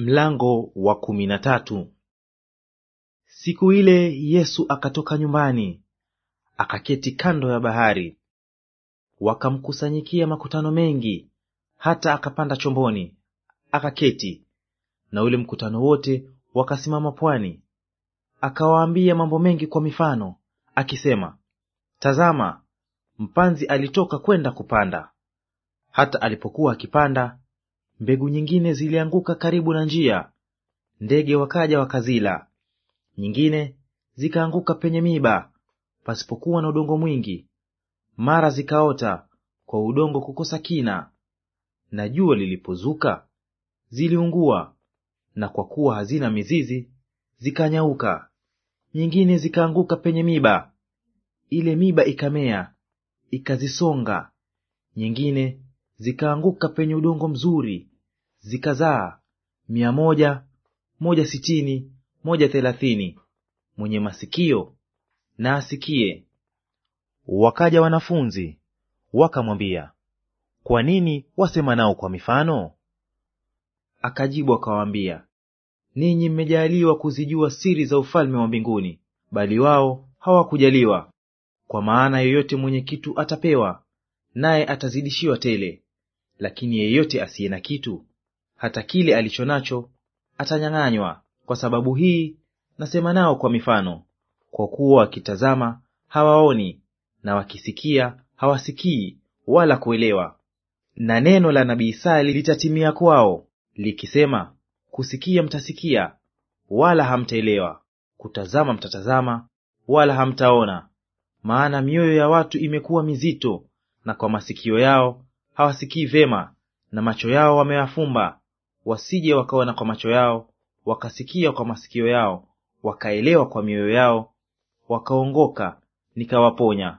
Mlango wa kumi na tatu. Siku ile Yesu akatoka nyumbani akaketi kando ya bahari, wakamkusanyikia makutano mengi, hata akapanda chomboni akaketi, na ule mkutano wote wakasimama pwani. Akawaambia mambo mengi kwa mifano akisema, tazama, mpanzi alitoka kwenda kupanda. Hata alipokuwa akipanda, Mbegu nyingine zilianguka karibu na njia, ndege wakaja wakazila. Nyingine zikaanguka penye miba pasipokuwa na udongo mwingi, mara zikaota kwa udongo kukosa kina. Na jua lilipozuka ziliungua, na kwa kuwa hazina mizizi zikanyauka. Nyingine zikaanguka penye miba ile miba ikamea ikazisonga. Nyingine zikaanguka penye udongo mzuri, zikazaa mia moja moja sitini moja thelathini. Mwenye masikio na asikie. Wakaja wanafunzi wakamwambia, kwa nini wasema nao kwa mifano? Akajibu akawaambia, ninyi mmejaliwa kuzijua siri za ufalme wa mbinguni, bali wao hawakujaliwa. Kwa maana yeyote mwenye kitu atapewa, naye atazidishiwa tele; lakini yeyote asiye na kitu hata kile alicho nacho atanyang'anywa. Kwa sababu hii nasema nao kwa mifano, kwa kuwa wakitazama hawaoni, na wakisikia hawasikii wala kuelewa. Na neno la nabii Isaya litatimia kwao likisema, kusikia mtasikia wala hamtaelewa, kutazama mtatazama wala hamtaona, maana mioyo ya watu imekuwa mizito, na kwa masikio yao hawasikii vema, na macho yao wameyafumba, wasije wakaona kwa macho yao, wakasikia kwa masikio yao, wakaelewa kwa mioyo yao, wakaongoka nikawaponya.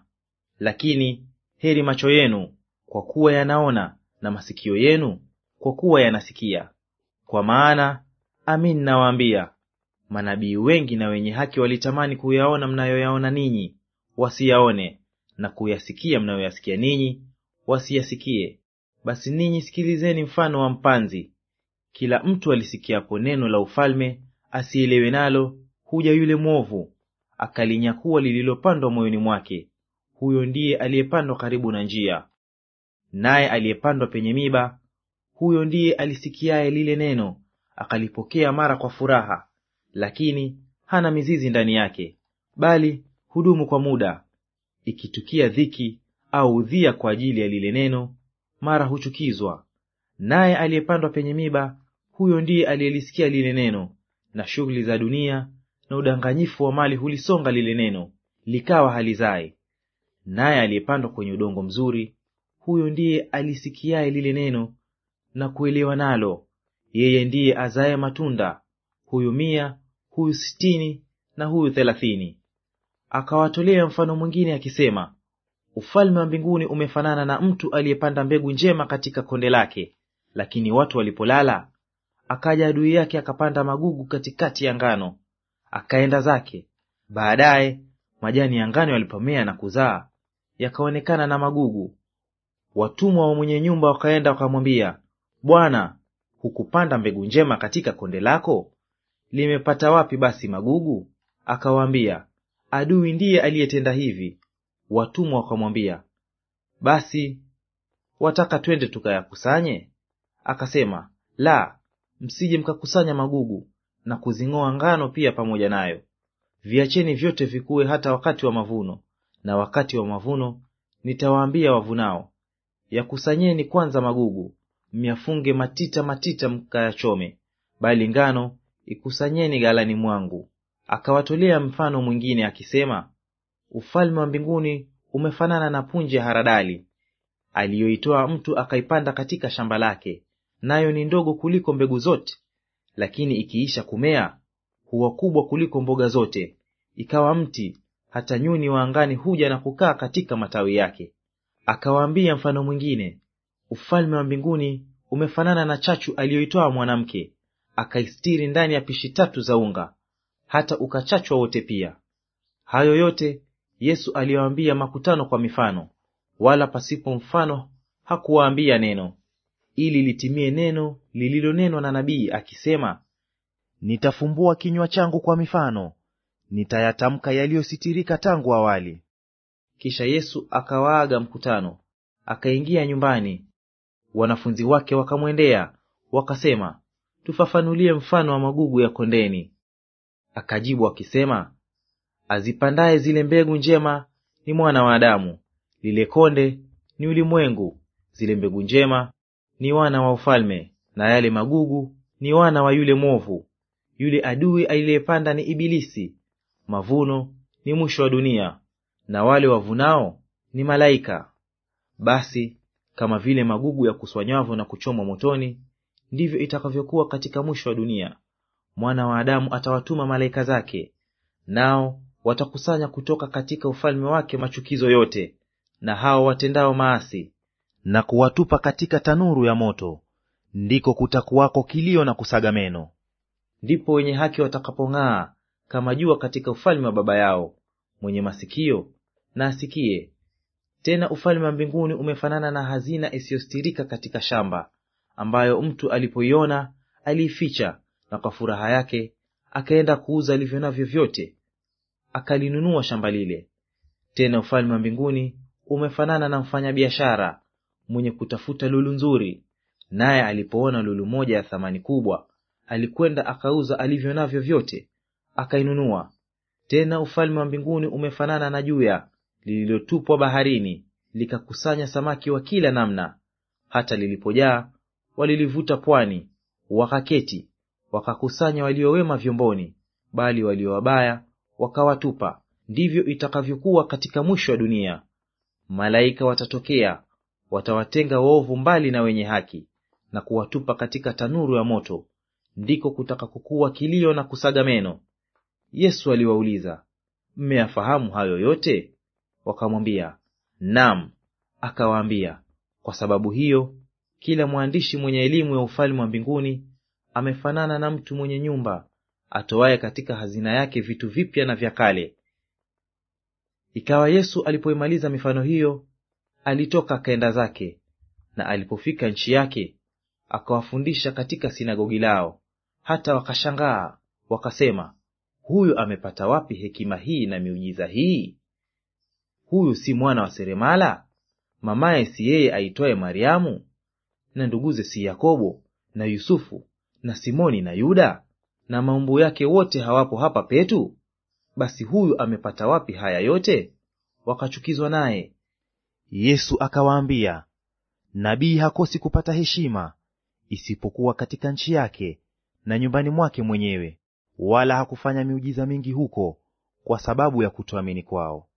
Lakini heri macho yenu kwa kuwa yanaona, na masikio yenu kwa kuwa yanasikia. Kwa maana amin nawaambia, manabii wengi na wenye haki walitamani kuyaona mnayoyaona ninyi, wasiyaone, na kuyasikia mnayoyasikia ninyi, wasiyasikie. Basi ninyi sikilizeni mfano wa mpanzi kila mtu alisikiapo neno la ufalme asielewe nalo, huja yule mwovu akalinyakuwa lililopandwa moyoni mwake. Huyo ndiye aliyepandwa karibu na njia. Naye aliyepandwa penye miba, huyo ndiye alisikiaye lile neno, akalipokea mara kwa furaha, lakini hana mizizi ndani yake, bali hudumu kwa muda. Ikitukia dhiki au udhia kwa ajili ya lile neno, mara huchukizwa. Naye aliyepandwa penye miba huyo ndiye aliyelisikia lile neno, na shughuli za dunia na udanganyifu wa mali hulisonga lile neno, likawa halizai. Naye aliyepandwa kwenye udongo mzuri, huyo ndiye alisikiaye lile neno na kuelewa nalo, yeye ndiye azaye matunda, huyu mia, huyu sitini na huyu thelathini. Akawatolea mfano mwingine akisema, ufalme wa mbinguni umefanana na mtu aliyepanda mbegu njema katika konde lake, lakini watu walipolala akaja adui yake akapanda magugu katikati ya ngano, akaenda zake. Baadaye majani ya ngano yalipomea na kuzaa, yakaonekana na magugu. Watumwa wa mwenye nyumba wakaenda wakamwambia, Bwana, hukupanda mbegu njema katika konde lako? Limepata wapi basi magugu? Akawaambia, adui ndiye aliyetenda hivi. Watumwa wakamwambia, basi wataka twende tukayakusanye? Akasema, la, msije mkakusanya magugu na kuzing'oa ngano pia pamoja nayo. Viacheni vyote vikuwe hata wakati wa mavuno, na wakati wa mavuno nitawaambia wavunao, yakusanyeni kwanza magugu, myafunge matita matita, mkayachome; bali ngano ikusanyeni ghalani mwangu. Akawatolea mfano mwingine akisema, ufalme wa mbinguni umefanana na punje ya haradali aliyoitoa mtu akaipanda katika shamba lake nayo ni ndogo kuliko mbegu zote, lakini ikiisha kumea huwa kubwa kuliko mboga zote, ikawa mti, hata nyuni wa angani huja na kukaa katika matawi yake. Akawaambia mfano mwingine, ufalme wa mbinguni umefanana na chachu aliyoitoa mwanamke, akaistiri ndani ya pishi tatu za unga, hata ukachachwa wote pia. Hayo yote Yesu aliwaambia makutano kwa mifano, wala pasipo mfano hakuwaambia neno, ili litimie neno lililonenwa na nabii akisema, nitafumbua kinywa changu kwa mifano, nitayatamka yaliyositirika tangu awali. Kisha Yesu akawaaga mkutano, akaingia nyumbani. Wanafunzi wake wakamwendea wakasema, tufafanulie mfano wa magugu ya kondeni. Akajibu akisema, azipandaye zile mbegu njema ni mwana wa Adamu, lile konde ni ulimwengu, zile mbegu njema ni wana wa ufalme, na yale magugu ni wana wa yule mwovu. Yule adui aliyepanda ni Ibilisi. Mavuno ni mwisho wa dunia, na wale wavunao ni malaika. Basi kama vile magugu ya kuswanyavyo na kuchomwa motoni, ndivyo itakavyokuwa katika mwisho wa dunia. Mwana wa Adamu atawatuma malaika zake, nao watakusanya kutoka katika ufalme wake machukizo yote, na hao watendao maasi na kuwatupa katika tanuru ya moto, ndiko kutakuwako kilio na kusaga meno. Ndipo wenye haki watakapong'aa kama jua katika ufalme wa Baba yao. Mwenye masikio na asikie. Tena ufalme wa mbinguni umefanana na hazina isiyostirika katika shamba, ambayo mtu alipoiona aliificha, na kwa furaha yake akaenda kuuza alivyo navyo vyote, akalinunua shamba lile. Tena ufalme wa mbinguni umefanana na mfanyabiashara mwenye kutafuta lulu nzuri, naye alipoona lulu moja ya thamani kubwa, alikwenda akauza alivyo navyo vyote, akainunua. Tena ufalme wa mbinguni umefanana na juya lililotupwa baharini, likakusanya samaki wa kila namna. Hata lilipojaa, walilivuta pwani, wakaketi, wakakusanya waliowema vyomboni, bali walio wabaya wakawatupa. Ndivyo itakavyokuwa katika mwisho wa dunia. Malaika watatokea Watawatenga waovu mbali na wenye haki, na kuwatupa katika tanuru ya moto; ndiko kutaka kukuwa kilio na kusaga meno. Yesu aliwauliza, mmeyafahamu hayo yote? Wakamwambia, nam Akawaambia, kwa sababu hiyo kila mwandishi mwenye elimu ya ufalme wa mbinguni amefanana na mtu mwenye nyumba atoaye katika hazina yake vitu vipya na vya kale. Ikawa Yesu alipoimaliza mifano hiyo, alitoka akaenda zake, na alipofika nchi yake akawafundisha katika sinagogi lao, hata wakashangaa wakasema, huyu amepata wapi hekima hii na miujiza hii? Huyu si mwana wa seremala? Mamaye si yeye aitwaye Mariamu? na nduguze si Yakobo na Yusufu na Simoni na Yuda? na maumbu yake wote hawapo hapa petu? Basi huyu amepata wapi haya yote? Wakachukizwa naye Yesu akawaambia, nabii hakosi kupata heshima, isipokuwa katika nchi yake na nyumbani mwake mwenyewe. Wala hakufanya miujiza mingi huko kwa sababu ya kutoamini kwao.